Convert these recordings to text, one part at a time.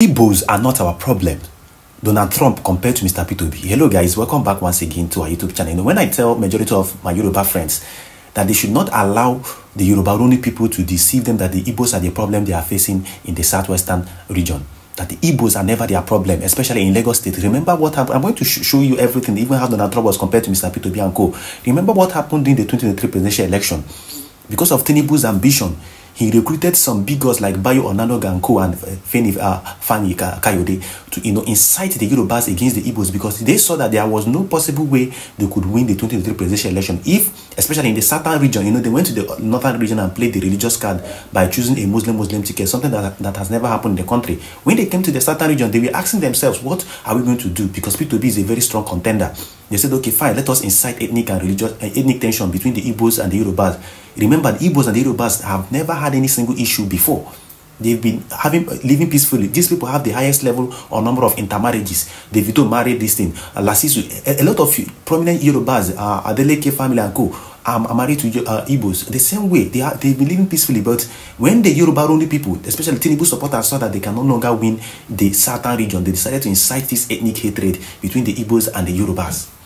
Igbos are not our problem. Donald Trump compared to Mr. b Hello guys, welcome back once again to our YouTube channel. You know, when I tell majority of my Yoruba friends that they should not allow the Yoruba-Roni people to deceive them that the Igbos are the problem they are facing in the southwestern region. That the Igbos are never their problem, especially in Lagos State. Remember what happened? I'm going to sh show you everything, even how Donald Trump was compared to Mr. b and co. Remember what happened in the 2023 presidential election? Because of Tinubu's ambition, he recruited some big guys like Bayo Onanog and and eh, Feni uh, Fani Kayode to you know incite the Yorubas against the Igbos because they saw that there was no possible way they could win the 2023 presidential election if, especially in the southern region, you know they went to the northern region and played the religious card by choosing a Muslim-Muslim ticket, something that, that has never happened in the country. When they came to the southern region, they were asking themselves, what are we going to do? Because P2B is a very strong contender. They said, okay, fine, let us incite ethnic and religious uh, ethnic tension between the Igbos and the Yorubas. Remember, the Igbos and the Yorubas have never had any single issue before. They've been having uh, living peacefully. These people have the highest level or number of intermarriages. They've Davido married this thing. Uh, Lassisu, uh, a, a, lot of prominent Yorubas, uh, Adeleke family and co, um, are married to uh, Igbos. The same way, they are, they've been living peacefully. But when the Yoruba only people, especially Tinubu supporters, saw that they can no longer win the southern region, they decided to incite this ethnic hatred between the Igbos and the Yorubas.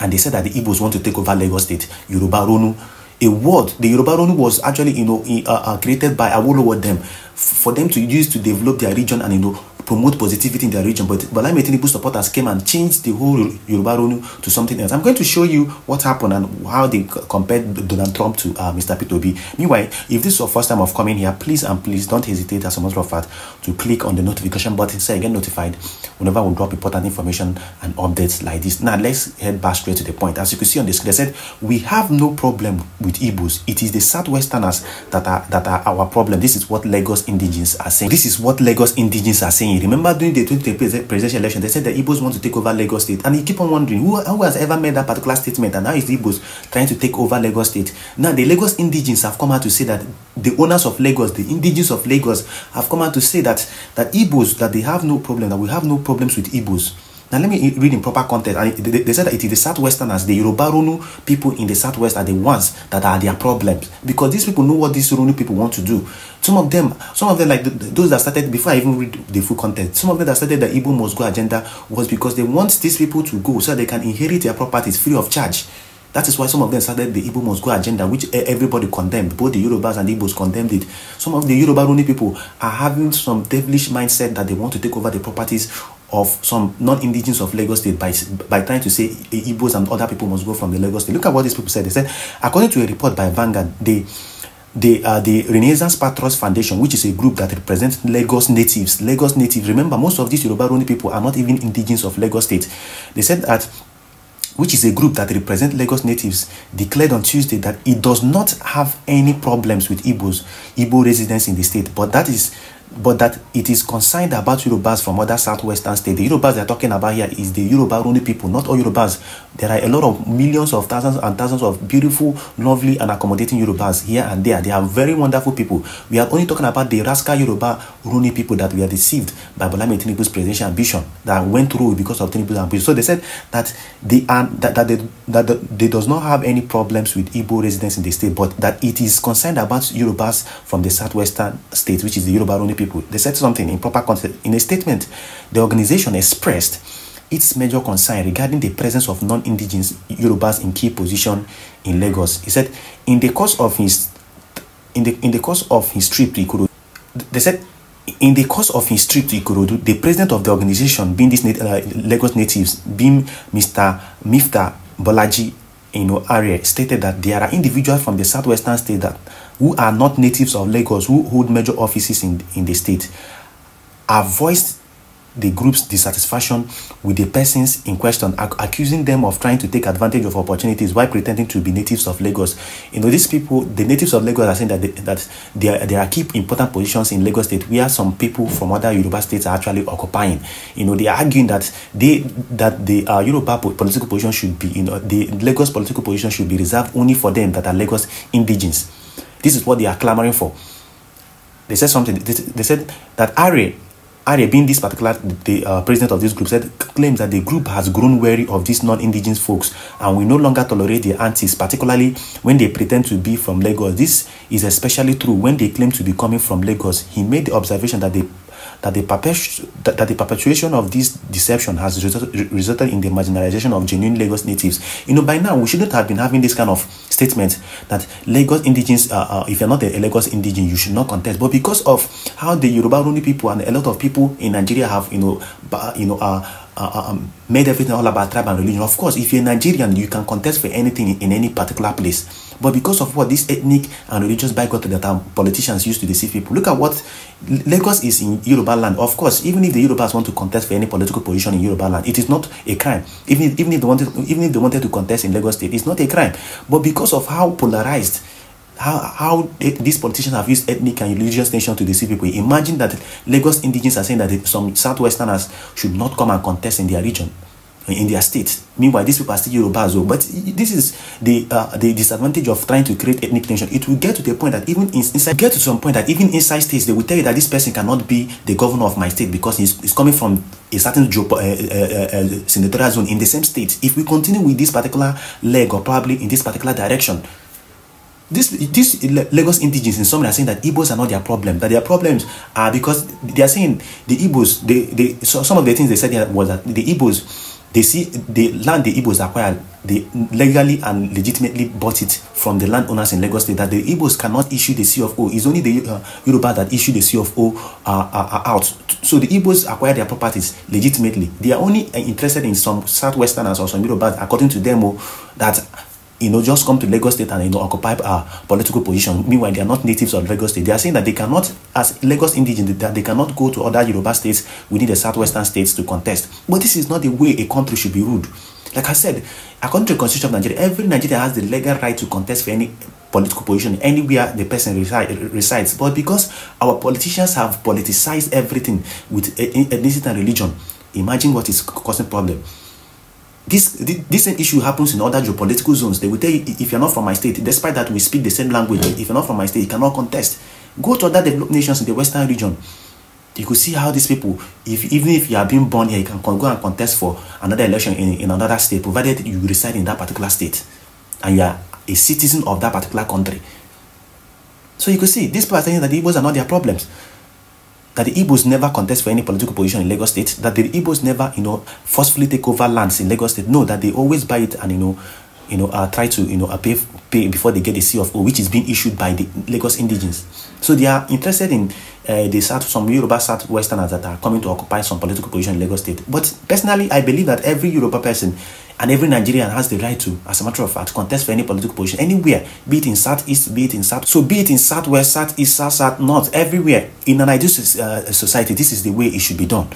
and they said that the Igbos want to take over Lagos State, Yoruba Ronu. A word, the Yoruba Ronu was actually, you know, uh, uh, created by Awolowo them for them to use to develop their region and, you know, promote positivity in their region. But Balaam Tinubu supporters came and changed the whole Yoruba rule to something else. I'm going to show you what happened and how they compared Donald Trump to uh, Mr. Pitobi. Meanwhile, if this is your first time of coming here, please and please don't hesitate as a matter of fact to click on the notification button so you get notified whenever we drop important information and updates like this. Now, let's head back straight to the point. As you can see on the screen, I said, we have no problem with Igbos. It is the Southwesterners that are, that are our problem. This is what Lagos indigenous are saying. This is what Lagos indigenous are saying he remember during the 2023 presidential election, they said that Igbos want to take over Lagos State. And you keep on wondering, who, who has ever made that particular statement? And now is the Igbos trying to take over Lagos State. Now, the Lagos indigenes have come out to say that the owners of Lagos, the indigenes of Lagos, have come out to say that, that Igbos, that they have no problem, that we have no problems with Igbos. Now let me read in proper context. And they, they said that it is the Southwesterners, the Yoruba people in the Southwest are the ones that are their problems because these people know what these Runu people want to do. Some of them, some of them like the, those that started before I even read the full content. Some of them that started the Ibo must go agenda was because they want these people to go so they can inherit their properties free of charge. That is why some of them started the Ibo must go agenda, which everybody condemned. Both the Yorubas and the condemned it. Some of the Yoruba Runi people are having some devilish mindset that they want to take over the properties of some non-indigenous of Lagos State by, by trying to say Igbos and other people must go from the Lagos State. Look at what these people said. They said, according to a report by Vanguard, they the uh, the Renaissance Patriots Foundation, which is a group that represents Lagos natives. Lagos natives. Remember, most of these Yoruba Roni people are not even indigenous of Lagos State. They said that, which is a group that represents Lagos natives, declared on Tuesday that it does not have any problems with Igbos, Igbo residents in the state, but that is but that it is concerned about Yorubas from other southwestern states. The Yorubas they're talking about here is the Yoruba only people, not all Yorubas. There are a lot of millions of thousands and thousands of beautiful, lovely, and accommodating Yorubas here and there. They are very wonderful people. We are only talking about the rascal Yoruba Runi people that were deceived by Bolame Tinubu's presidential ambition that went through because of Tinubu's ambition. So they said that they are that, that they that the, they does not have any problems with Igbo residents in the state, but that it is concerned about Yorubas from the southwestern states, which is the Yoruba Runi many people. They said something in proper context. In a statement, the organization expressed its major concern regarding the presence of non-indigenous Yorubas in key position in Lagos. He said, in the course of his in the in the course of his trip to Ikorodu, they said in the course of his trip to Ikorodu, the president of the organization, being these uh, Lagos natives, being Mr. Mifta Bolaji area, stated that there are individuals from the southwestern state that who are not natives of Lagos, who hold major offices in, in the state, have voiced the group's dissatisfaction with the persons in question, ac accusing them of trying to take advantage of opportunities while pretending to be natives of Lagos. You know, these people, the natives of Lagos, are saying that they, that they are, they are keep important positions in Lagos State, where some people from other Yoruba states are actually occupying. You know, they are arguing that they that the uh, Yoruba political position should be, you know, the Lagos political position should be reserved only for them that are Lagos indigenes. This is what they are clamoring for. They said something. They, they said that Ari, Ari being this particular the uh, president of this group, said claims that the group has grown weary of these non-indigenous folks, and we no longer tolerate the antis, particularly when they pretend to be from Lagos. This is especially true when they claim to be coming from Lagos. He made the observation that they that the, that the perpetuation of this deception has resulted in the marginalization of genuine Lagos natives. You know, by now, we shouldn't have been having this kind of statement that Lagos indigenous, uh, uh, if you're not a Lagos indigene, you should not contest. But because of how the Yoruba Runi people and a lot of people in Nigeria have, you know, you know, uh, uh, uh, um, made everything all about tribe and religion. Of course, if you're Nigerian, you can contest for anything in any particular place. But because of what these ethnic and religious bigot that our politicians use to deceive people, look at what Lagos is in Yoruba land. Of course, even if the Yorubas want to contest for any political position in Yoruba land, it is not a crime. Even if, even if they wanted, even if they wanted to contest in Lagos State, it's not a crime. But because of how polarized how how these politicians have used ethnic and religious tension to deceive people. Imagine that Lagos indigenes are saying that some Southwesterners should not come and contest in their region in their state. Meanwhile, these people are still Yoruba as well. But this is the uh, the disadvantage of trying to create ethnic tension. It will get to the point that even in, inside, get to some point that even inside states, they will tell you that this person cannot be the governor of my state because he's, he's coming from a certain uh uh, uh, uh, senatorial zone in the same state. If we continue with this particular leg or probably in this particular direction, this this Lagos indigenes in some are saying that Igbos are not their problem. That their problems are because they are saying the Igbos, they, they so some of the things they said was that the Igbos They see the land the Igbos acquired, they legally and legitimately bought it from the landowners in Lagos State. That the Igbos cannot issue the C of O. It's only the uh, Yoruba that issue the C of O uh, uh, uh out. So the Igbos acquired their properties legitimately. They are only uh, interested in some Southwesterners or some Yorubas, according to them, oh, that you know, just come to Lagos State and, you know, occupy a uh, political position. Meanwhile, they are not natives of Lagos State. They are saying that they cannot, as Lagos indigenous, that they cannot go to other Yoruba states within the southwestern states to contest. But this is not the way a country should be ruled. Like I said, according to the Constitution of Nigeria, every Nigerian has the legal right to contest for any political position anywhere the person reside, resides. But because our politicians have politicized everything with ethnicity and religion, imagine what is causing problem this, this same issue happens in other geopolitical zones. They will tell you, if you're not from my state, despite that we speak the same language, if you're not from my state, you cannot contest. Go to other developed nations in the Western region. You could see how these people, if even if you are being born here, you can go and contest for another election in, in another state, provided you reside in that particular state and you are a citizen of that particular country. So you could see, these people are saying that Igbos are not their problems. that the Igbos never contest for any political position in Lagos State, that the Igbos never, you know, forcefully take over lands in Lagos State. No, that they always buy it and, you know, you know, uh, try to, you know, pay, pay before they get the C of which is being issued by the Lagos indigenes. So they are interested in uh, the South, some Yoruba Southwesterners that are coming to occupy some political position in Lagos State. But personally, I believe that every Yoruba person and every Nigerian has the right to, as a matter of fact, contest for any political position anywhere, be it in South East, be it in South, so be it in Southwest, Southeast, South, South, North, everywhere. In an ideal uh, society, this is the way it should be done.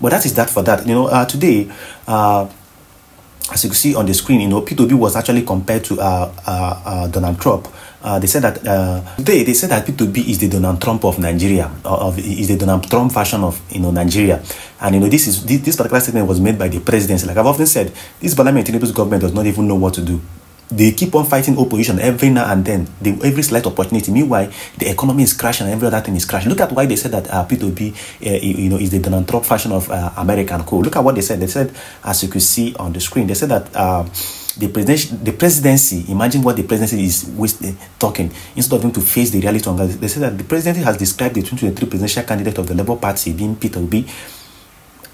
But that is that for that. You know, uh, today, uh, as you can see on the screen, you know, P2B was actually compared to uh, uh, uh, Donald Trump. Uh, they said that uh, today they said that P2B is the Donald Trump of Nigeria, of is the Donald Trump fashion of you know Nigeria, and you know this is this, this particular statement was made by the presidency. Like I've often said, this parliament, government does not even know what to do they keep on fighting opposition every now and then, they, every slight opportunity. Meanwhile, the economy is crashing and every other thing is crashing. Look at why they said that uh, P2P, uh, you know, is the Donald Trump fashion of uh, American cool. Look at what they said. They said, as you could see on the screen, they said that uh, the, president, the presidency, imagine what the presidency is wasting, talking, instead of them to face the reality. They said that the presidency has described the 2023 presidential candidate of the Labour Party being Peter B.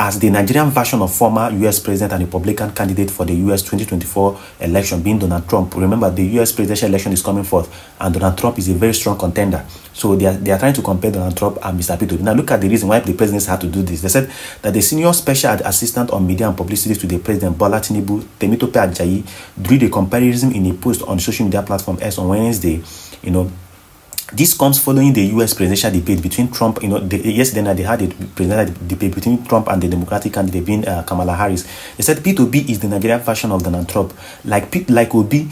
as the Nigerian version of former US president and Republican candidate for the US 2024 election being Donald Trump. Remember, the US presidential election is coming forth, and Donald Trump is a very strong contender. So they are, they are trying to compare Donald Trump and Mr. Pito. Now, look at the reason why the presidents had to do this. They said that the senior special assistant on media and publicity to the president, Bola Tinubu, Temitope Ajayi, drew the comparison in a post on social media platform S on Wednesday. You know, This comes following the U.S. presidential debate between Trump, you know, the, yesterday they had a presidential debate between Trump and the Democratic candidate being uh, Kamala Harris. They said P2B is the Nigerian version of Donald Trump. Like P, like Obi,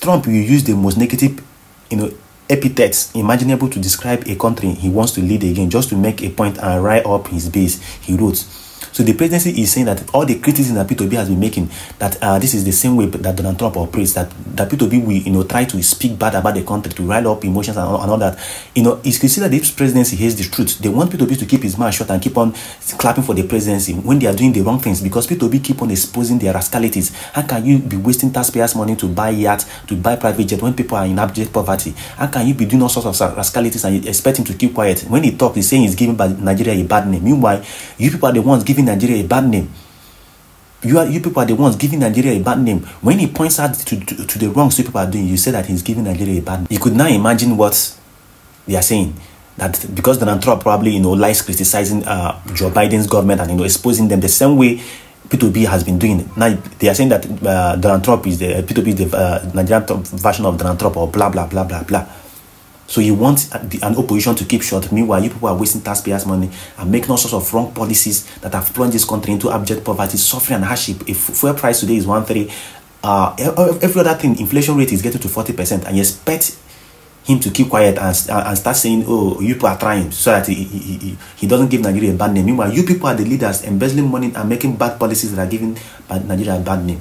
Trump will use the most negative, you know, epithets imaginable to describe a country he wants to lead again just to make a point and rile up his base, he wrote. So the presidency is saying that all the criticism that P2B has been making, that uh, this is the same way that Donald Trump operates, that, that P2B will, you know, try to speak bad about the country, to rile up emotions and all, and all that. You know, it's considered this presidency hates the truth. They want P2B to keep his mouth shut and keep on clapping for the presidency when they are doing the wrong things because P2B keep on exposing their rascalities. How can you be wasting taxpayers' money to buy yachts, to buy private jets when people are in abject poverty? How can you be doing all sorts of rascalities and expect him to keep quiet? When he talks, he's saying he's giving Nigeria a bad name. Meanwhile, you people are the ones giving giving Nigeria a bad name. You, are, you people are the ones giving Nigeria a bad name. When he points out to, to, to the wrongs people are doing, you say that he's giving Nigeria a bad name. You could now imagine what they are saying that because Donald Trump probably you know lies criticizing uh, Joe Biden's government and you know exposing them the same way P2B has been doing. Now they are saying that uh, Donald Trump is the P2B is the uh, Nigerian version of Donald Trump or blah blah blah blah blah. So you want an opposition to keep short. Meanwhile, you people are wasting taxpayers' money and making all sorts of wrong policies that have plunged this country into abject poverty, suffering, and hardship. If fuel price today is one three, uh, every other thing, inflation rate is getting to forty percent, and you expect him to keep quiet and, and start saying, "Oh, you people are trying," so that he, he, he, he doesn't give Nigeria a bad name. Meanwhile, you people are the leaders embezzling money and making bad policies that are giving Nigeria a bad name.